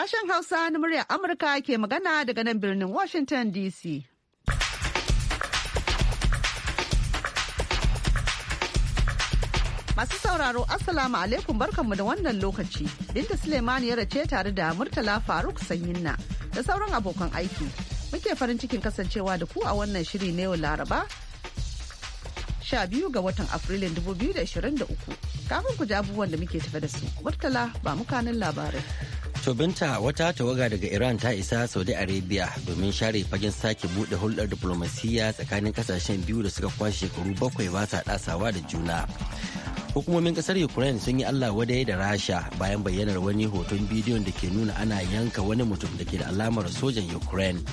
Sashen Hausa na muryar Amurka ke magana daga nan birnin Washington DC. Masu sauraro Assalamu alaikum barkanmu da wannan lokaci. Binta Suleiman ya race tare da Murtala Faruk Sanyinna da sauran abokan aiki. Muke farin cikin kasancewa da ku a wannan shiri na yau Laraba biyu ga watan Afrilun 2023. Kafin ku ji abubuwan da muke tafe da su. Murtala ba mu mukanin labarai. To binta wata tawaga daga Iran ta isa Saudi Arabia domin share fagen sake bude hulɗar diplomasiyya tsakanin kasashen biyu da suka kwashe shekaru bakwai ba sa ɗasawa da juna. Hukumomin ƙasar Ukraine sun yi Allah wadai da Rasha bayan bayyanar wani hoton bidiyon da ke nuna ana yanka wani mutum da ke da alamar sojan Ukraine.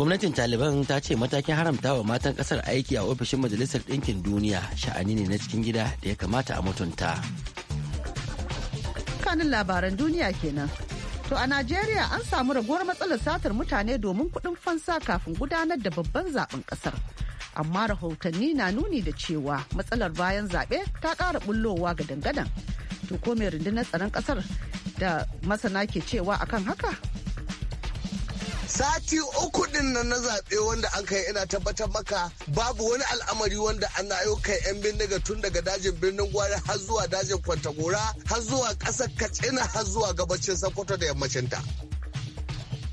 Gwamnatin Taliban ta ce matakin haramtawa matan ƙasar aiki a ofishin Majalisar Ɗinkin Duniya sha'ani ne na cikin gida da ya kamata a mutunta. kanin labaran duniya kenan. To a Najeriya an samu raguwar matsalar satar mutane domin kuɗin fansa kafin gudanar da babban zaben ƙasar. Amma rahotanni na nuni da cewa matsalar bayan zaɓe ta ƙara bullowa ga dangadan. To ko mai rundunar tsaron ƙasar da masana ke cewa akan haka? sati uku din nan na zaɓe wanda an kai ina tabbatar maka babu wani al'amari wanda an yau kai 'yan bindiga tun daga dajin birnin gwari har zuwa dajin kwantagora har zuwa ƙasar katsina har zuwa gabacin sokoto da yammacin ta.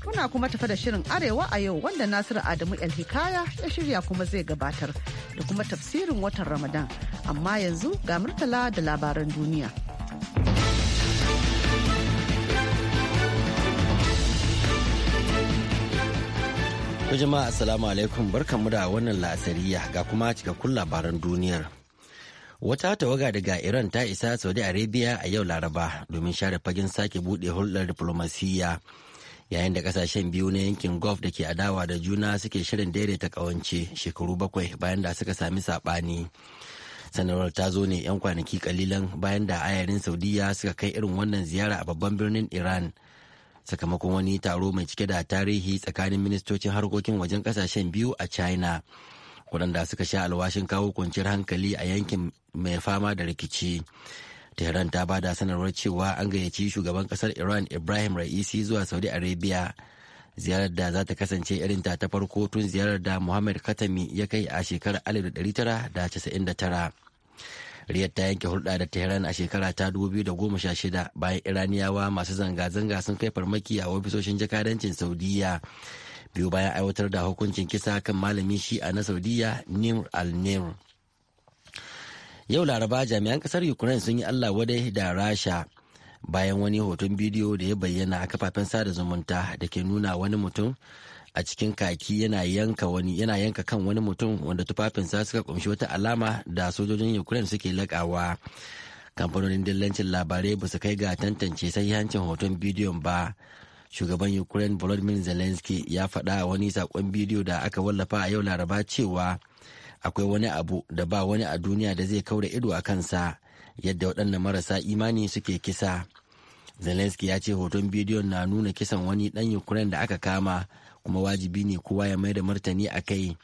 Muna kuma tafa da shirin Arewa a yau wanda Nasiru Adamu Hikaya ya shirya kuma zai gabatar da kuma tafsirin watan Ramadan. Amma yanzu ga murtala da labaran duniya. Ku jama'a assalamu alaikum barkanmu da wannan la'asariya ga kuma cikakkun labaran duniyar. Wata tawaga daga Iran ta isa Saudi Arabia a yau Laraba domin share fagen sake bude hulɗar diplomasiyya yayin da kasashen biyu na yankin Gulf da ke adawa da juna suke shirin daidaita kawance shekaru bakwai bayan da suka sami saɓani. Sanarwar ta zo ne 'yan kwanaki kalilan bayan da ayarin Saudiya suka kai irin wannan ziyara a babban birnin Iran. sakamakon wani taro mai cike da tarihi tsakanin ministocin harkokin wajen kasashen biyu a china waɗanda suka sha alwashin kawo kwanciyar hankali a yankin mai fama da rikici tehran ta ba da sanarwar cewa an gayyaci shugaban ƙasar iran ibrahim ra'isi zuwa saudi arabia ziyarar da za ta kasance irin ta farko tun ziyarar da muhammad katami ya kai a shekarar 1999 riyar ta yanke hulɗa da Tehran a shekara ta 2016 bayan Iraniyawa masu zanga-zanga sun kai farmaki a ofisoshin jakadancin Saudiya. Biyu bayan aiwatar da hukuncin kisa kan malami shi a na Saudiya Nimr al-Nimr. Yau Laraba jami'an kasar Ukraine sun yi Allah wadai da Rasha bayan wani hoton bidiyo da ya bayyana a kafafen sada zumunta da ke nuna wani mutum a cikin kaki yana yanka wani yana yanka kan wani mutum wanda tufafinsa suka kumshi wata alama da sojojin ukraine suke lakawa kamfanonin dillancin labarai ba su kai ga tantance sai hancin hoton bidiyon ba shugaban ukraine volodymyr zelensky ya faɗa wani saƙon bidiyo da aka wallafa a yau laraba cewa akwai wani abu da ba wani a duniya da zai kaura ido a kansa yadda waɗannan marasa imani suke kisa zelensky ya ce hoton bidiyon na nuna kisan wani ɗan ukraine da aka kama kuma wajibi ne kowa ya mai da martani a kai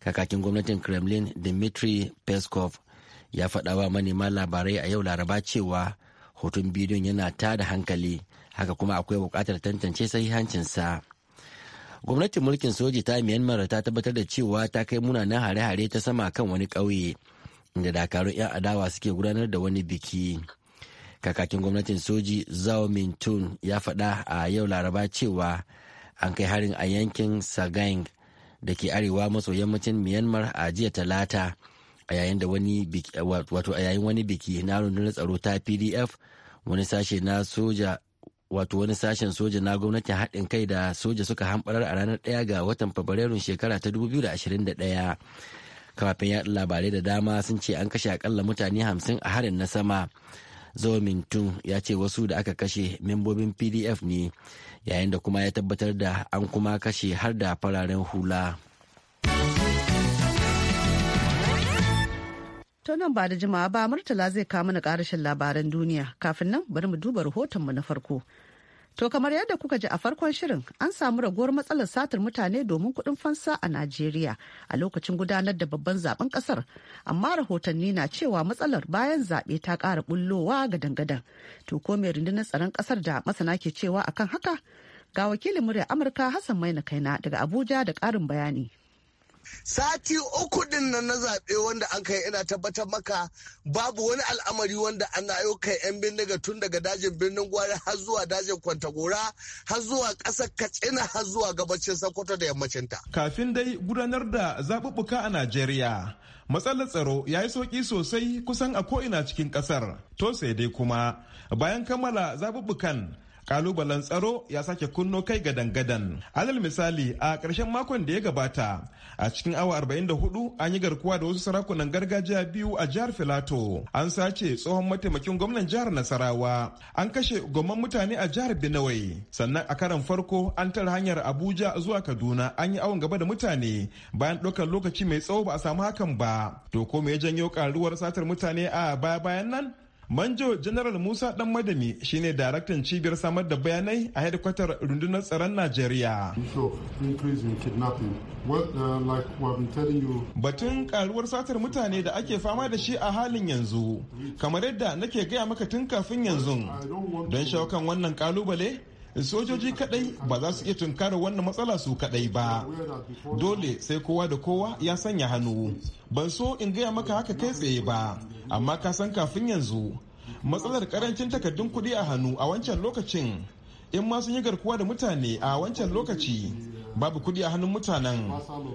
kakakin gwamnatin kremlin dmitry peskov ya faɗawa manema labarai a yau laraba cewa hoton bidiyon yana ta da hankali haka kuma akwai buƙatar tantance sai sahihancinsa gwamnatin mulkin soji ta myanmar ta tabbatar da cewa ta kai munanan hare-hare ta sama kan wani ƙauye inda dakarun 'yan adawa suke gudanar da wani biki kakakin gwamnatin soji zao tun ya faɗa a yau laraba cewa an kai harin a yankin sagang da ke arewa maso yammacin myanmar a jiya talata a yayin wani wato yayin wani biki na rundunar tsaro ta pdf wani sashe na soja wato wani sashen soja na gwamnatin haɗin kai da soja suka hamɓarar a ranar ɗaya ga watan fabrairun shekara ta 2021 kafafen yaɗa labarai da dama sun ce an kashe akalla mutane hamsin a harin na sama zawa mintun ya ce wasu da aka kashe membobin pdf ne yayin da kuma ya tabbatar da an kuma kashe har da fararen hula To nan ba da jimawa ba Murtala zai kawo mana karashin labaran duniya kafin nan bari mu duba rahoton mu na farko To kamar yadda kuka ji a farkon shirin an samu raguwar matsalar satar mutane domin kudin fansa a Najeriya a lokacin gudanar da babban zaben ƙasar. Amma rahotanni na cewa matsalar bayan zaɓe ta ƙara bullowa ga dangadan. To ko mai rundunar tsaron ƙasar da masana ke cewa akan haka? Ga wakilin murya Amurka Hassan Maina Kaina daga Abuja da ƙarin bayani. sati uku din nan na zaɓe wanda an kai ina tabbatar maka babu wani al'amari wanda ana yau kai 'yan bindiga tun daga dajin birnin gwari har zuwa dajin kwantagora har zuwa ƙasar katsina har zuwa gabacin sokoto da yammacin ta. kafin dai gudanar da zaɓuɓɓuka a najeriya matsalar tsaro ya yi sauƙi sosai kusan a ko'ina cikin ƙasar to sai dai kuma bayan kammala zaɓuɓɓukan kalubalen tsaro ya sake kunno kai gadan-gadan. Alal misali a ƙarshen makon da ya gabata a cikin awa 44 an yi garkuwa da wasu sarakunan gargajiya biyu a jihar Filato. An sace tsohon mataimakin gwamnan jihar Nasarawa. An kashe gomman mutane a jihar binawai Sannan a karan farko an tara hanyar Abuja zuwa Kaduna an yi awon gaba da mutane bayan ɗaukar lokaci mai tsawo ba a samu hakan ba. To ko me ya janyo karuwar satar mutane a baya-bayan nan? Manjo General Musa Dan Madami shine daraktan cibiyar samar da bayanai a hedikwatar rundunar tsaron Najeriya. Uh, Batun karuwar satar mutane da ake fama da shi a halin yanzu, kamar yadda nake gaya maka tun kafin yanzu, don shawakan wannan kalubale sojoji kadai ba za su iya tunkara wannan matsala su kadai ba dole sai kowa da kowa ya sanya hannu ban so in gaya maka haka kai tsaye ba amma ka san kafin yanzu matsalar karancin takardun kuɗi a hannu a wancan lokacin in ma sun yi garkuwa da mutane a wancan lokaci babu kuɗi a hannun mutanen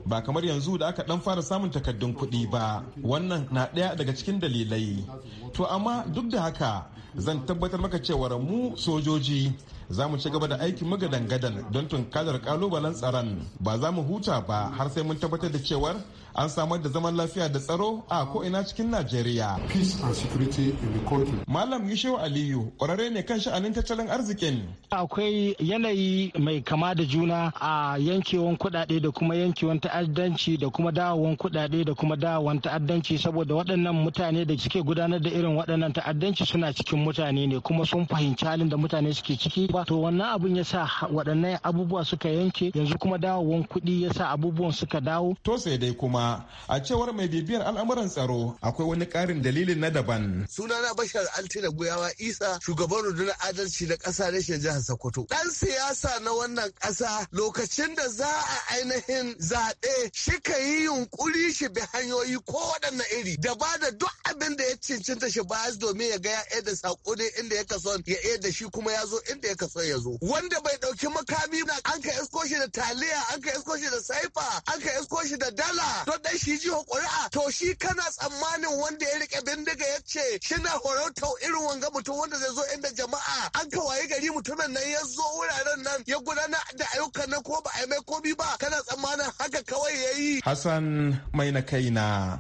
ba kamar yanzu da aka dan fara samun takardun kuɗi ba wannan na ɗaya daga cikin dalilai to amma duk da haka zan tabbatar maka cewar mu sojoji za mu ci gaba da aikin magadan-gadan don tunkarar kalubalen tsaron ba za mu huta ba har sai mun tabbatar da cewar an samar da zaman lafiya da tsaro a ko ina cikin najeriya Peace and security in the country. malam yushewa aliyu ƙwararre ne kan sha'anin tattalin arzikin akwai yanayi mai kama da juna a yankewan kuɗaɗe da kuma yankewan ta'addanci da kuma dawowan kuɗaɗe da kuma dawowan ta'addanci saboda waɗannan mutane da suke gudanar da irin waɗannan ta'addanci suna cikin mutane ne kuma sun fahimci halin da mutane suke ciki ba to wannan abun ya sa waɗannan abubuwa suka yanke yanzu kuma dawowan kuɗi ya sa abubuwan suka dawo. To sai dai kuma a cewar mai bibiyar al'amuran tsaro akwai wani ƙarin dalilin na daban. Sunana Bashar Altina Guyawa Isa shugaban rundunar adalci na ƙasa shi jihar Sokoto. dan siyasa na wannan ƙasa lokacin da za a ainihin zaɓe shi ka yi yunƙuri shi bi hanyoyi ko waɗanna iri da ba da duk abin da ya cincinta shi ba domin ya ga ya da saƙo ne inda ya kaso ya da shi kuma ya zo inda ya aka so ya zo wanda bai dauki makami na an ka isko shi da taliya an ka isko shi da saifa an ka isko shi da dala to dai shi ji hukuri'a to shi kana tsammanin wanda ya rike bindiga ya ce shina horauta irin wanga mutum wanda zai zo inda jama'a an ka waye gari mutumin nan ya zo wuraren nan ya gudana da ayyukan nan ko ba a yi mai komi ba kana tsammanin haka kawai ya yi hassan mai na kai na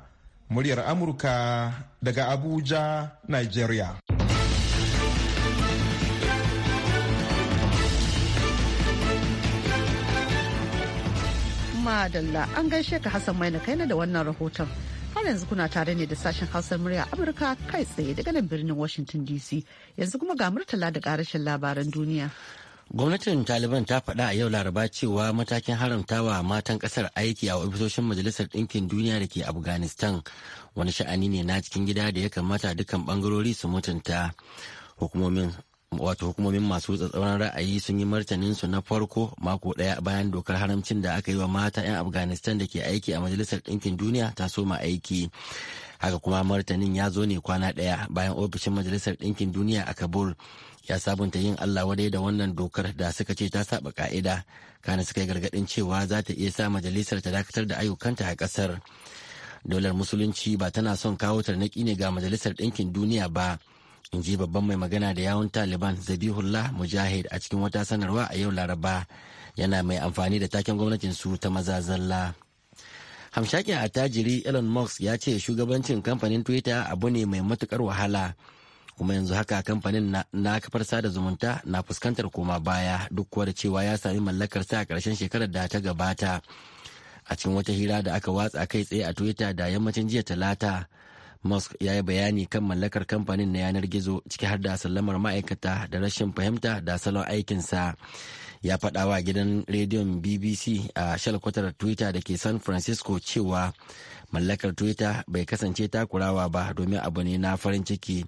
muryar amurka daga abuja nigeria madalla an gaishe ka Hassan Maina kai da wannan rahoton. Har yanzu kuna tare ne da sashen Hausar murya Amurka kai tsaye daga nan birnin Washington DC. Yanzu kuma ga murtala da karashin labaran duniya. Gwamnatin Taliban ta faɗa a yau Laraba cewa matakin haramtawa matan ƙasar aiki a ofisoshin Majalisar Ɗinkin Duniya da ke Afghanistan wani sha'ani ne na cikin gida da ya kamata dukkan ɓangarori su mutunta. Hukumomin wato hukumomin masu tsatsauran ra'ayi sun yi martanin su na farko mako daya bayan dokar haramcin da aka yi wa mata 'yan afghanistan da ke aiki a majalisar ɗinkin duniya ta soma aiki haka kuma martanin ya zo ne kwana daya bayan ofishin majalisar ɗinkin duniya a kabul ya sabunta yin allah wadai da wannan dokar da suka ce ta saba ka'ida kana suka yi gargaɗin cewa za ta iya sa majalisar ta dakatar da ayyukanta a kasar dolar musulunci ba tana son kawo tarnaki ne ga majalisar ɗinkin duniya ba in ji babban mai magana da yawun taliban zabihullah mujahid a cikin wata sanarwa a yau laraba yana mai amfani da taken gwamnatin su ta maza zalla hamshakin attajiri elon musk ya ce shugabancin kamfanin twitter abu ne mai matukar wahala kuma yanzu haka kamfanin na, kafar sada zumunta na fuskantar koma baya duk kuwa da cewa ya sami mallakar sa a ƙarshen shekarar da ta gabata a cikin wata hira da aka watsa kai tsaye a twitter da yammacin jiya talata musk ya yi bayani kan mallakar kamfanin na yanar gizo ciki har da sallamar ma'aikata da rashin fahimta da salon aikinsa ya faɗa wa gidan rediyon bbc a shalkwatar twitter da ke san francisco cewa mallakar twitter bai kasance takurawa ba domin abu ne na farin ciki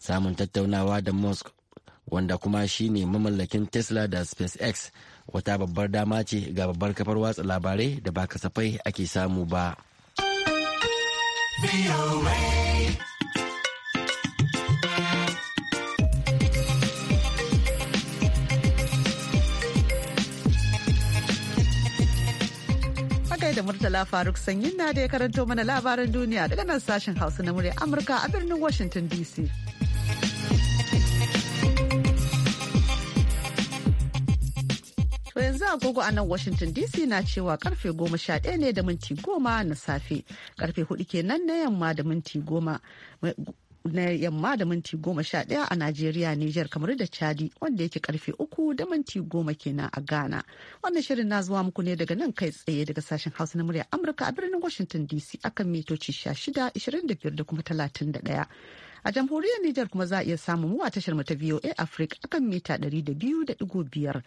samun tattaunawa da musk wanda kuma shine mamallakin tesla da spacex wata babbar dama ce ga babbar kafar watsa labarai da ba kasafai ake samu ba. da Murtala Faruk Sanyin na da ya karanto mana labaran duniya daga nan sashen Hausa na murya Amurka a birnin Washington DC. agogo a nan Washington DC na cewa karfe goma sha ɗaya ne da minti goma na safe. Karfe 4 kenan na na yamma da minti goma sha ɗaya a Najeriya, Nijar, kamar da Chadi wanda yake karfe uku da minti goma kenan a Ghana. Wannan shirin na zuwa muku ne daga nan kai tsaye daga sashen Hausa na murya Amurka a birnin Washington DC akan mitoci shida, ishirin da kuma talatin da A jamhuriyar Nijar kuma za a iya samun mu a tashar mu ta VOA Africa akan mita 200.5.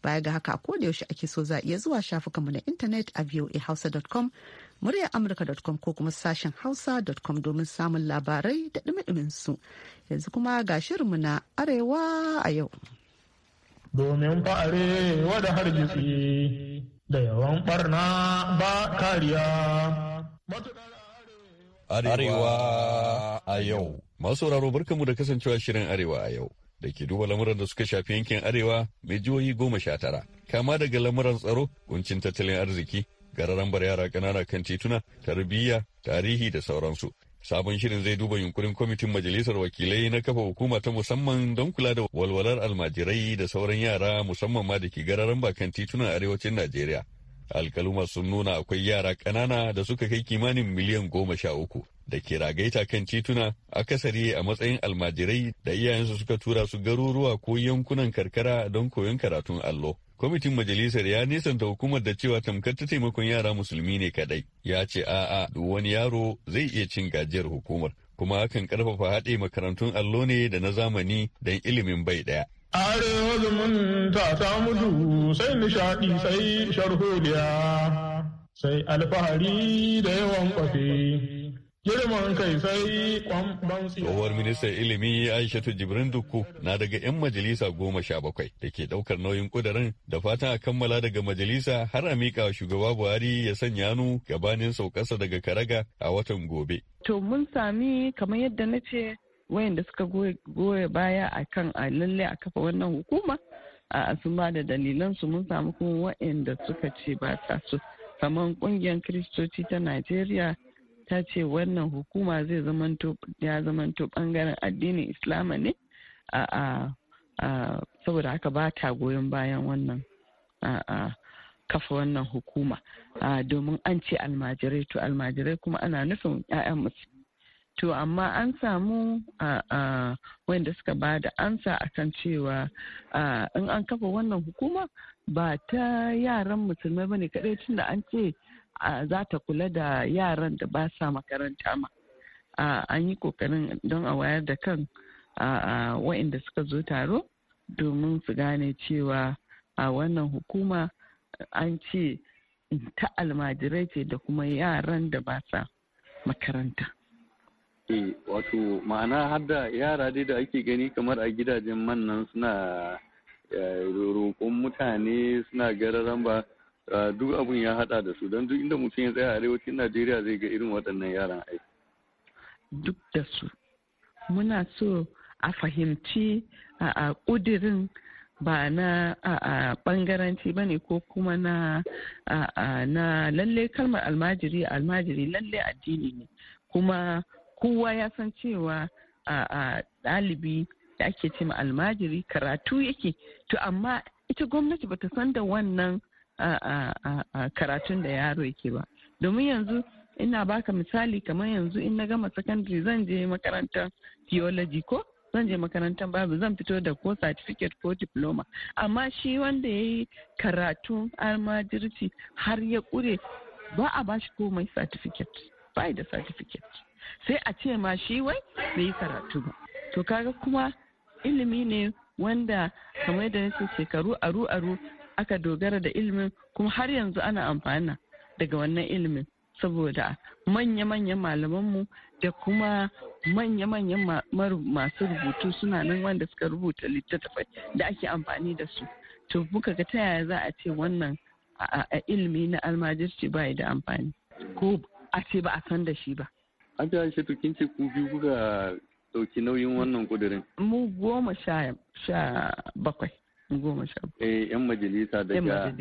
Baya ga haka ko da yaushe ake so za a iya zuwa shafukan mu na intanet a voahausa.com, muryar amurka.com ko kuma sashen hausa.com domin samun labarai da dumi su. Yanzu kuma ga shirinmu na Arewa a yau. Domin fa'are wada hargitsi da yawan barna ba kariya. Arewa a yau. Masu sauraro barkamu da kasancewa shirin Arewa a yau da ke duba lamuran da suka shafi yankin Arewa mai jihohi goma sha tara. Kama daga lamuran tsaro, kuncin tattalin arziki, gararan bar yara ƙanana kan tituna, tarbiyya, tarihi da sauransu. Sabon shirin zai duba yunkurin kwamitin majalisar wakilai na kafa hukuma ta musamman don kula da walwalar almajirai da sauran yara musamman ma da ke gararan bakan titunan arewacin Najeriya. alkaluma sun nuna akwai yara ƙanana da suka kai kimanin miliyan goma sha uku da ke ragaita kan tituna akasari a matsayin almajirai da iyayensu suka tura su garuruwa ko yankunan karkara don koyon karatun allo kwamitin majalisar ya nisanta hukumar da cewa tamkar ta taimakon yara musulmi ne kadai ya ce a'a duk wani yaro zai iya cin gajiyar hukumar kuma hakan karfafa haɗe makarantun allo ne da na zamani don ilimin bai ɗaya Arewa zumunta ta mutu sai nishaɗi sai sharholiya sai alfahari da yawan kwafe. Girman kai sai kwamban Tsohuwar ministan ilimi Aishatu Jibrin Dukku na daga 'yan majalisa goma sha bakwai da ke ɗaukar nauyin ƙudaran da fatan a kammala daga majalisa har a miƙa shugaba Buhari ya sanya hannu gabanin saukarsa daga karaga a watan gobe. To mun sami kamar yadda na ce wayanda suka goya baya a kan a lalle a kafa wannan hukuma a asuma da dalilansu mun samu kuma wayanda suka ce ba ta so kamar kungiyar kiristoci ta najeriya ta ce wannan hukuma zai zamanto ya zamanto bangaren addinin islama ne a saboda haka ba ta goyon bayan wannan a kafa wannan hukuma domin an ce almajirai to almajirai kuma ana nufin 'ya'yan musulmi to amma an samu wanda suka ba da ansa akan cewa in an kafa wannan hukuma ba ta yaran musulmai bane kadai tunda an ce za ta kula da yaran da ba sa makaranta ma an yi kokarin don a wayar da kan wa'inda suka zo taro domin su gane cewa a wannan hukuma an ce ta almajirai ce da kuma yaran da ba sa makaranta e wato ma'ana hadda yara dai da ake gani kamar a gidajen man nan suna eh, roƙon mutane suna gararan ba eh, duk abun ya hada da su don duk inda mutum ya tsaya a arewacin najeriya zai ga irin waɗannan yaran aiki. duk da su muna so a fahimci a ƙudirin ba na ɓangaranci ba ne ko kuma na lalle kalmar almajiri almajiri lalle addini ne kuma kowa ya san cewa a ɗalibi da ake ce almajiri karatu yake to amma ita gwamnati bata san da wannan karatun da yaro yake ba domin yanzu ina baka misali kamar yanzu in na gama secondary zan je makarantar theology ko zan je makarantar babu zan fito da ko certificate ko diploma amma shi wanda ya yi karatun almajirci har ya kure ba a bashi komai certificate ba da certificate sai a ce ma shi wai bai yi karatu ba to kaga kuma ilimi ne wanda kamar da nace shekaru aru aru aka dogara da ilimin kuma har yanzu ana amfana daga wannan ilimin saboda manya-manyan malamanmu da kuma manya-manyan masu rubutu suna nan wanda suka rubuta littattafai da ake amfani da su to muka ga ta yaya za a ce wannan a ilimi na almajirci bai da amfani ko a ce ba a san da shi ba fi Aishatu kin ce ku biyu kuka ɗauki nauyin wannan kudirin? Mu goma sha bakwai. Goma sha bakwai. Eh, 'yan majalisa daga.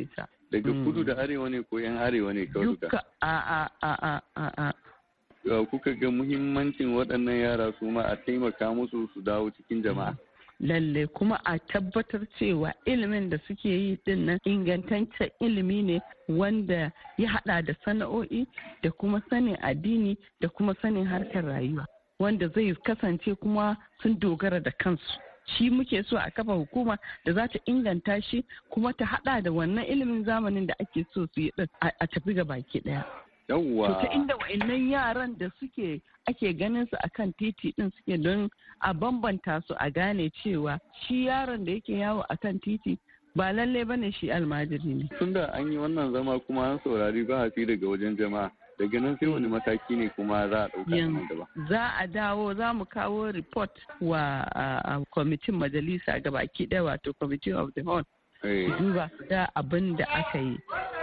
Daga mm. kudu da arewa ne ko 'yan arewa ne kawai duka? A a a a a a. Kuka ga muhimmancin waɗannan yara su ma a taimaka musu su dawo cikin jama'a. lalle kuma a tabbatar cewa ilimin da suke yi din nan ingantaccen ilimi ne wanda ya hada da sana'o'i da kuma sanin addini da kuma sanin harkar rayuwa wanda zai kasance kuma sun dogara da kansu shi muke so a kafa hukuma da za ta inganta shi kuma ta hada da wannan ilimin zamanin da ake so su yi a tafi ga baki daya yawwa ta inda wa'annan yaran da suke ake ganin su akan titi din suke don a bambanta su a gane cewa shi yaron da yake yawo akan titi ba lalle bane shi almajiri ne da an yi wannan zama kuma an saurari ba daga wajen jama'a daga nan sai wani mataki ne kuma za a ɗauka nan gaba. Za a dawo za mu kawo report wa a kwamitin majalisa baki daya wato committee of the horn duba da abin da aka yi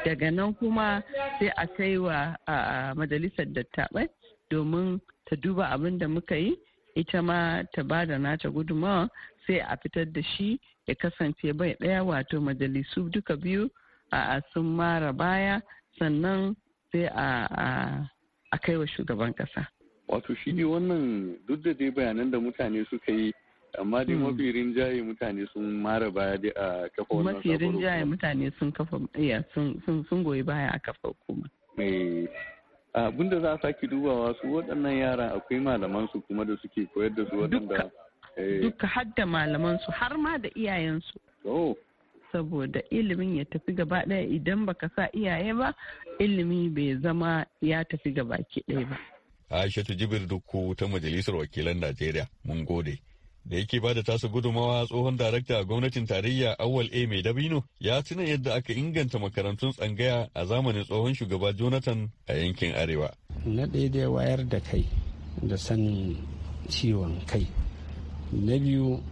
daga nan kuma sai a kai wa majalisar dattabai domin ta duba abin da muka yi ita ma ta ba da nata gudunmawa sai a fitar da shi ya kasance bai ɗaya wato majalisu duka biyu a sun mara baya sannan sai a kai wa shugaban kasa. wato shi ne wannan duk da dai bayanan da mutane suka yi amma dai hmm. mafi rinjaye mutane sun mara baya dai a kafa wannan mafi rinjaye mutane sun kafa iya sun goyi baya a kafa hukuma eh, abin da za a sake dubawa su waɗannan yaran akwai malaman su kuma da suke koyar da su waɗanda duka eh. har da malaman su har ma da iyayen su saboda ilimin ya tafi gaba ɗaya idan baka sa iyaye ba ilimi bai zama ya tafi gaba ki ɗaya ba Aisha Jibir duku ta Majalisar Wakilan Najeriya mun gode. da yake bada tasa gudumawa tsohon darakta a gwamnatin tarayya awal a mai dabino ya tuna yadda aka inganta makarantun tsangaya a zamanin tsohon shugaba jonathan a yankin arewa na ɗaya da wayar da kai da sanin ciwon kai na biyu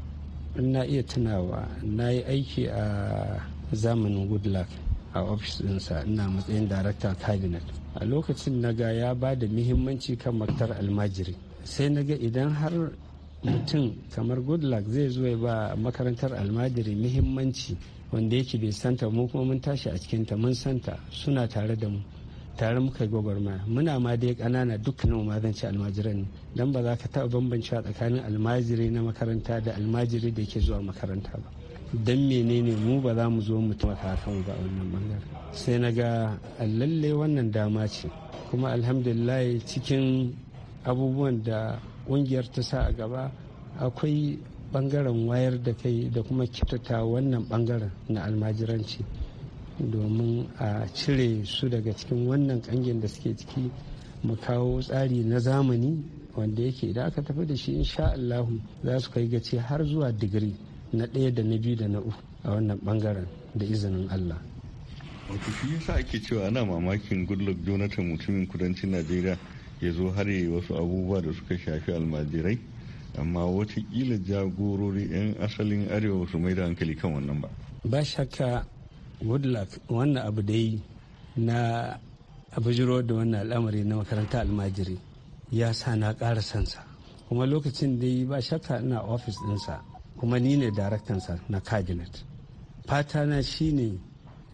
na iya tunawa na yi aiki a zamanin goodluck a ofis ɗinsa ina matsayin darakta cabinet a lokacin na ga ya ba da muhimmanci kan maktar almajiri sai na ga idan har mutum kamar goodluck zai zo ya ba makarantar almajiri muhimmanci wanda yake bai santa mu kuma mun tashi a cikinta mun santa suna tare da mu tare muka gwagwarmaya muna ma dai ƙanana dukkanin ma zan ci almajiran ne don ba za ka taɓa bambancewa tsakanin almajiri na makaranta da almajiri da ke zuwa makaranta ba don menene mu ba za mu zo mu taimaka kan ba wannan bangare sai na ga lalle wannan dama ce kuma alhamdulillah cikin abubuwan da ƙungiyar ta sa a gaba akwai bangaren wayar da kai da kuma kitata wannan bangaren na almajiranci domin a cire su daga cikin wannan kangin da suke ciki mu kawo tsari na zamani wanda yake idan aka tafi da shi insha Allahu za su kai gaci har zuwa digiri na ɗaya da na biyu da na uku a wannan bangaren da izinin Allah. Wato shi yasa ake cewa ana mamakin Goodluck Jonathan mutumin kudancin Najeriya ya zo hare wasu abubuwa da suka shafi almajirai amma watakila jagorori 'yan asalin arewa su mai da hankali kan wannan ba ba shakka woodlock wannan abu dai na abujiro da wannan al'amari na makaranta almajiri ya sa na ƙara sansa kuma lokacin dai ba shakka ina ofis ɗinsa kuma ni ne daraktansa na cabinet fata na shine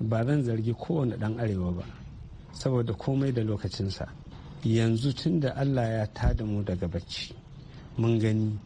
ba zan zargi kowane ɗan arewa ba saboda komai da lokacinsa yanzu tun da allah ya tada mu daga bacci mun gani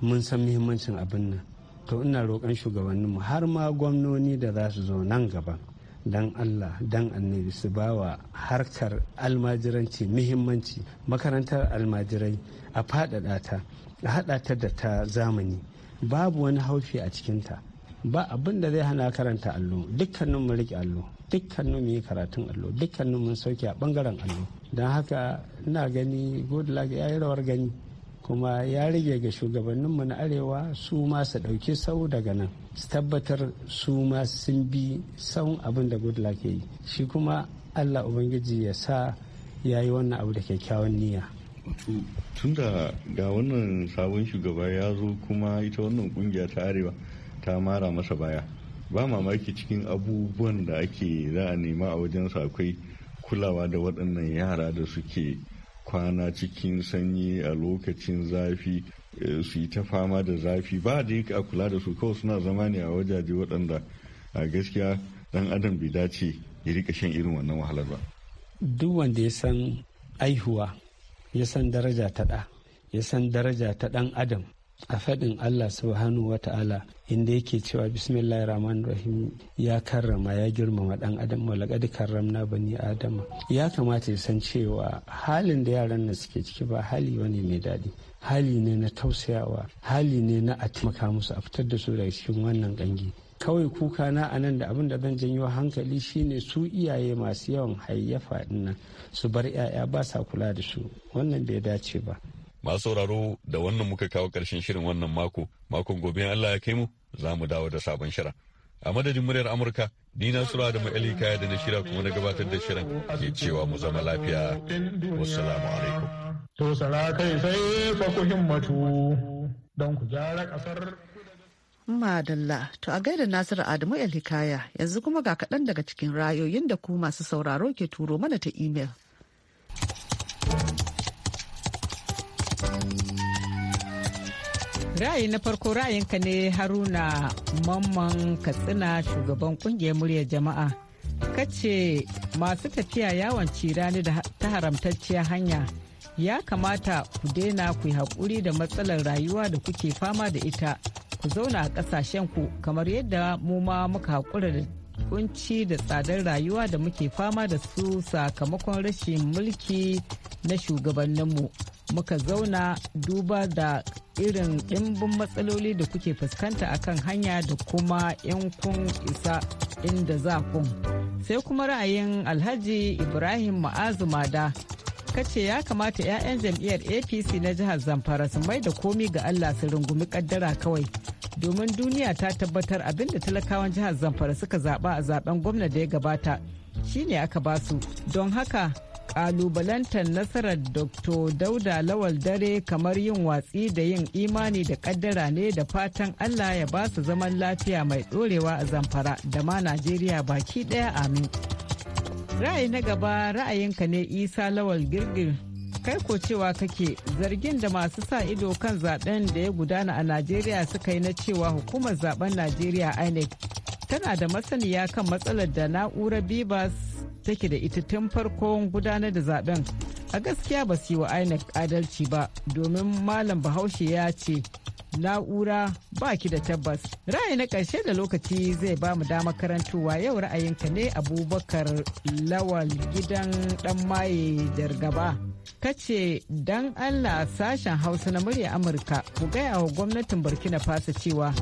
mun san muhimmancin abin nan to ina roƙon mu har ma gwamnoni da za su zo nan gaba dan allah dan annabi su ba wa harkar almajiranci muhimmanci makarantar almajirai a faɗaɗa ta a haɗa ta da ta zamani babu wani haufi a cikinta ba abin da zai hana karanta allo dukkanin mu riƙe allo dukkanin mu yi karatun allo dukkanin mun sauke a ɓangaren allo don haka ina gani goodluck ya yi rawar gani kuma ya rage ga shugabanninmu na arewa su ma su ɗauki sau daga nan su tabbatar su ma sun bi san abin da goodluck ya yi shi kuma allah ubangiji ya sa ya yi wannan abu da kyakkyawan niyya tun da ga wannan sabon shugaba ya zo kuma ita wannan kungiya ta arewa ta mara masa baya ba mamaki cikin abubuwan da ake za a nema a wajensa akwai kulawa da waɗannan yara da suke kwana cikin sanyi a lokacin zafi eh, su yi ta fama da zafi ba da a kula da su kawai suna zama ne a wajaje waɗanda a gaskiya dan adam bai dace ya rika shan irin wannan wahalar ba duk wanda ya san aihuwa ya san daraja ta ɗa ya san daraja ta ɗan adam a faɗin Allah subhanahu wa ta'ala inda yake cewa bismillahir rahmanir rahim ya karrama ya girmama ɗan adam walaqad karramna bani adama ya kamata ya san cewa halin da yaran nan suke ciki ba hali wani mai daɗi hali ne na tausayawa hali ne na a taimaka musu a fitar da su daga cikin wannan gangi kawai kuka na a nan da abin da zan janyo hankali shine su iyaye masu yawan hayyafa dinnan su bar 'ya'ya ba sa kula da su wannan bai dace ba Masu sauraro da wannan muka kawo ƙarshen shirin wannan mako, makon gobe Allah ya kai mu za mu dawo da sabon shirin. A madadin muryar Amurka, ni na sura da ma'ali kaya da na shira kuma na gabatar da shirin ke cewa mu zama lafiya. Wassalamu alaikum. To kai sai fa ku himmatu don ku gyara ƙasar. Madalla, to a gaida Nasiru Adamu El Hikaya yanzu kuma ga kaɗan daga cikin rayoyin da ku masu sauraro ke turo mana ta imel. ra'ayi na farko ra'ayinka ne haruna mamman katsina shugaban kungiyar muryar jama'a kace masu tafiya yawon cirani da ta haramtacciyar hanya ya kamata ku daina ku yi haƙuri da matsalar rayuwa da kuke fama da ita ku zauna a ƙasashenku kamar yadda mu ma muka haƙura da kunci da tsadar rayuwa da muke fama da su sakamakon rashin mulki na shugabanninmu muka zauna duba da irin ɗimbin matsaloli da kuke fuskanta a kan hanya da kuma 'yan kun isa inda za kun sai kuma ra'ayin alhaji ibrahim ma'azu mada kace ya kamata 'ya'yan jam'iyyar apc na jihar zamfara su mai da komi ga allah su rungumi kaddara kawai domin duniya ta tabbatar abinda talakawan jihar zamfara suka zaba a zaben gwamna da ya gabata shine aka basu don haka kalubalantar nasarar dr dauda lawal dare kamar yin watsi da yin imani da kaddara ne da fatan allah ya ba su zaman lafiya mai ɗorewa a zamfara da ma najeriya baki ɗaya amin ra'ayi na gaba ra'ayinka ne isa lawal girgir kai ko cewa kake zargin da masu sa ido kan zaben da ya gudana a najeriya suka yi na cewa hukumar zaben najeriya inec tana da masaniya kan matsalar da na'urar bibas take da ita tun farkon gudanar da zaben a gaskiya ba su yi wa inec adalci ba domin malam bahaushe ya ce na'ura ba ki da tabbas ra'ayi na ƙarshe da lokaci zai ba mu dama karantowa yau ra'ayinka ne abubakar lawal gidan dan maye gaba. ka ce don allah sashen hausa na murya amurka ku gaya wa gwamnatin burkina faso cewa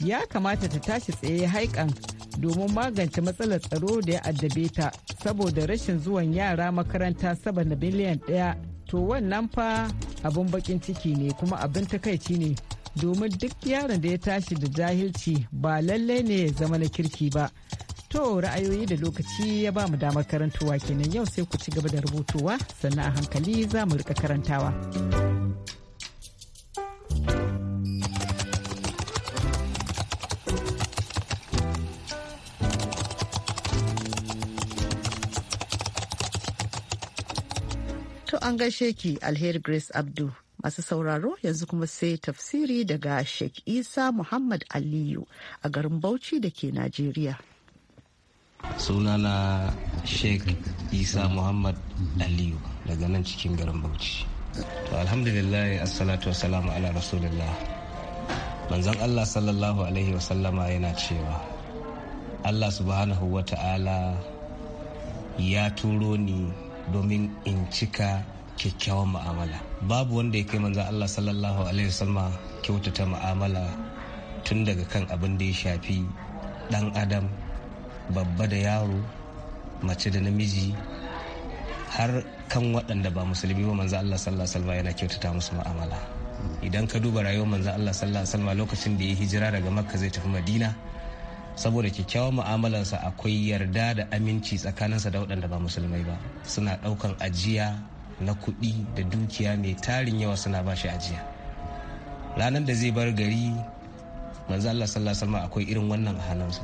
ya kamata ta tashi tsaye haikan domin magance matsalar tsaro da ya addabe ta saboda rashin zuwan yara makaranta saboda biliyan ɗaya to wannan fa abin bakin ciki ne kuma abin takaici ne domin duk yaron da ya tashi da jahilci ba lallai ne ya zama na kirki ba To ra'ayoyi da lokaci ya ba mu damar karantowa kenan yau sai ku ci gaba da rubutuwa sannan a hankali za mu rika karantawa. To an gaishe ki alheri Grace Abdu. masu sauraro yanzu kuma sai tafsiri daga Sheikh Isa Muhammad Aliyu a garin Bauchi da ke Najeriya. sunana sheikh isa muhammad aliyu daga nan cikin garin bauchi to alhamdulillah assalatu wassalamu ala rasulillah manzon allah sallallahu alaihi wasallama yana cewa allah subhanahu wa ta'ala ya turo ni domin in cika kyakkyawan ma'amala. babu wanda ya kai manzon allah sallallahu alaihi wasallama kyautata ma'amala tun daga kan abin da ya shafi dan adam babba da yaro mace da namiji har kan waɗanda ba musulmi ba manzo Allah sallallahu alaihi wasallam yana kyautata musu mu'amala idan ka duba rayuwar manzo Allah sallallahu alaihi wasallam lokacin da ya hijira daga Makka zai tafi Madina saboda kyakkyawan mu'amalansa akwai yarda da aminci tsakanin sa da waɗanda ba musulmai ba suna ɗaukan ajiya na kuɗi da dukiya mai tarin yawa suna ba shi ajiya ranar da zai bar gari manzo Allah sallallahu alaihi wasallam akwai irin wannan halansu.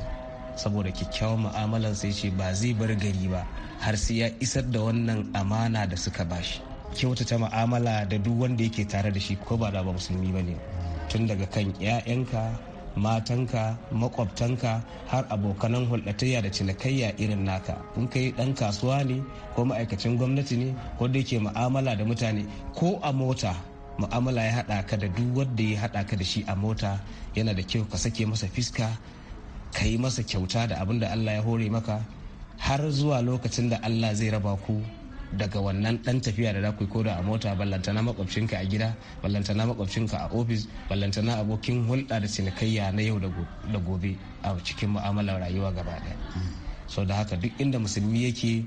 saboda kyakkyawan mu'amalar sai ce ba zai bar gari ba har sai ya isar da wannan amana da suka bashi kyautata mu'amala da duk wanda yake tare da shi ko ba da ba musulmi ba ne tun daga kan 'ya'yanka matanka makwabtanka har abokanan hulɗatayya da cinikayya irin naka in kai ɗan kasuwa ne ko ma'aikacin gwamnati ne ko da yake mu'amala da mutane ko a mota mu'amala ya haɗa ka da duk wanda ya haɗa ka da shi a mota yana da kyau ka sake masa fiska ka yi masa kyauta da abin da Allah ya hore maka har zuwa lokacin da Allah zai raba ku daga wannan dan tafiya da za ku yi da a mota ballantana makwabcinka a gida ballantana makwabcinka a ofis ballantana abokin hulɗa da cinikayya na yau da gobe a cikin mu'amalar rayuwa gaba ɗaya so da haka duk inda musulmi yake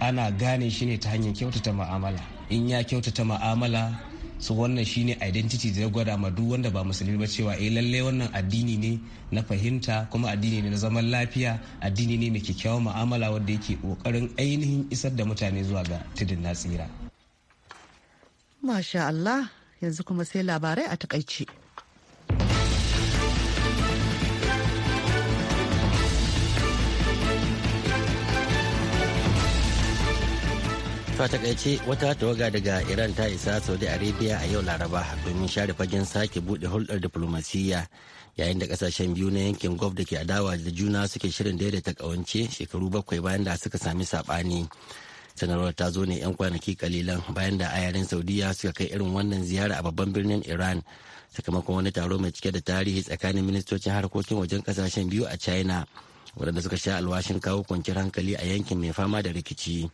ana gane shi ne ta hanyar kyautata mu'amala in ya kyautata mu'amala su wannan shine identity da ya gwada ma duk wanda ba musulmi ba cewa eh lalle wannan addini ne na fahimta kuma addini ne na zaman lafiya addini ne mai kyakkyawan mu'amala wanda yake kokarin ainihin isar da mutane zuwa ga tudun na tsira masha Allah yanzu kuma sai labarai a takaice To ta takaice wata tawaga daga Iran ta isa Saudi Arabia a yau Laraba domin share fagen sake bude hulɗar diplomasiyya yayin da kasashen biyu na yankin Gulf da ke adawa da juna suke shirin ta kawance shekaru bakwai bayan da suka sami saɓani. sanarwar ta zo ne 'yan kwanaki kalilan bayan da ayarin saudiya suka kai irin wannan ziyara a babban birnin iran sakamakon wani taro mai cike da tarihi tsakanin ministocin harkokin wajen kasashen biyu a china waɗanda suka sha alwashin kawo kwanciyar hankali a yankin mai fama da rikici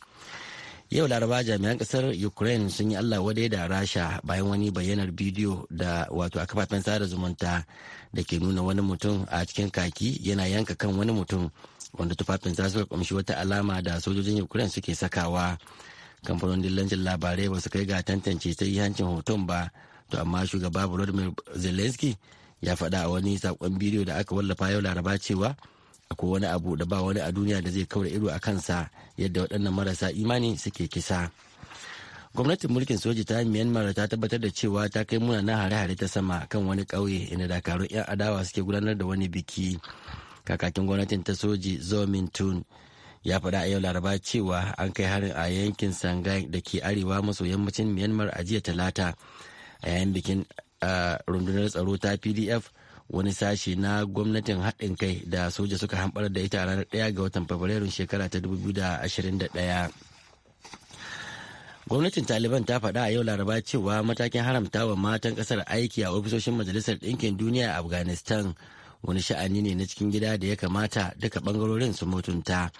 yau laraba jami'an kasar ukraine sun yi allah wadai da rasha bayan wani bayyanar bidiyo da wato a kafafen sada zumunta da ke nuna wani mutum a cikin kaki yana yanka kan wani mutum wanda tufafin za su kamshi wata alama da sojojin ukraine suke sakawa kamfanin dillancin labarai ba su kai ga tantance ta yi hancin hoton ba to amma shugaba volodymyr zelensky ya faɗa a wani saƙon bidiyo da aka wallafa yau laraba cewa akwai wani abu da ba wani a duniya da zai kaura ido a kansa yadda waɗannan marasa imani suke kisa gwamnatin mulkin soji ta myanmar ta tabbatar da cewa ta kai munanan hare-hare ta sama kan wani ƙauye inda dakarun 'yan adawa suke gudanar da wani biki kakakin gwamnatin ta soji zomin tun ya faɗa a yau laraba cewa an kai harin a yankin sangai da ke arewa maso yammacin myanmar a jiya talata a yayin bikin rundunar tsaro ta pdf wani sashe na gwamnatin haɗin kai da soja suka hambar da ita ranar 1 ga watan fabrairun shekara ta 2021 gwamnatin taliban ta faɗa a yau laraba cewa matakin haramtawa matan ƙasar aiki a ofisoshin majalisar ɗinkin duniya a afghanistan wani sha'ani ne na cikin gida da ya kamata duka ɓangarorin su mutunta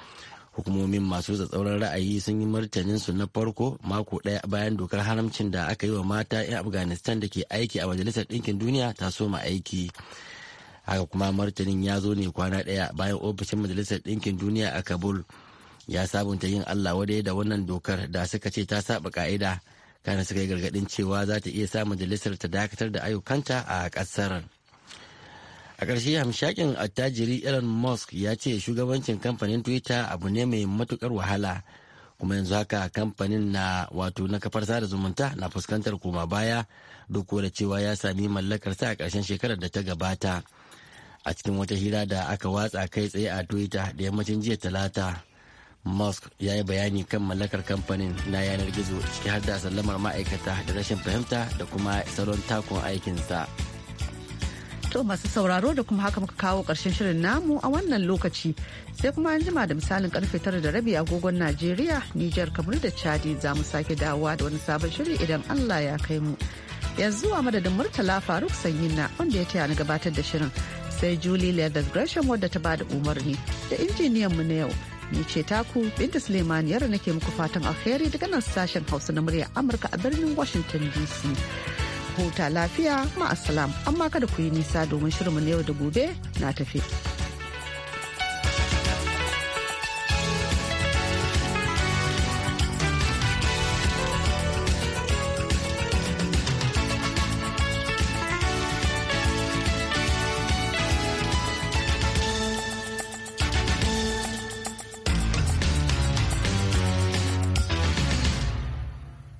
hukumomin masu tsatsauran ra'ayi sun yi martanin su na farko mako ɗaya bayan dokar haramcin da aka yi wa mata 'yan afghanistan da ke aiki a majalisar ɗinkin duniya ta soma aiki haka kuma martanin ya zo ne kwana ɗaya bayan ofishin majalisar ɗinkin duniya a kabul ya sabunta yin allah wadai da wannan dokar da suka ce ta saba ka'ida kana suka yi gargaɗin cewa za ta iya sa majalisar ta dakatar da ayyukanta a ƙasar. a ƙarshe hamshakin attajiri elon musk ya ce shugabancin kamfanin twitter abu ne mai matukar wahala kuma yanzu haka kamfanin na wato na kafar sada zumunta na fuskantar koma baya duk da cewa ya sami mallakar sa a ƙarshen shekarar da ta gabata a cikin wata hira da aka watsa kai tsaye a twitter da yammacin jiya talata musk ya yi bayani kan mallakar kamfanin na yanar gizo ciki har da sallamar ma'aikata da rashin fahimta da kuma salon takon aikinsa. To masu sauraro da kuma haka muka kawo ƙarshen shirin namu a wannan lokaci sai kuma an jima da misalin karfe tara da rabi agogon Najeriya, Nijar, kamar da Chadi za mu sake dawowa da wani sabon shiri idan Allah ya kai mu. Yanzu a madadin Murtala Faruk Sanyina wanda ya taya na gabatar da shirin sai Julie Leathers Gresham wadda ta bada umarni da injiniyan mu na yau. Ni ce taku Binta Suleiman yara nake muku fatan alheri daga nan sashen Hausa na murya Amurka a birnin Washington DC. huta lafiya ma'asalam amma kada ku yi nisa domin shirinmu na yau da gobe na tafi.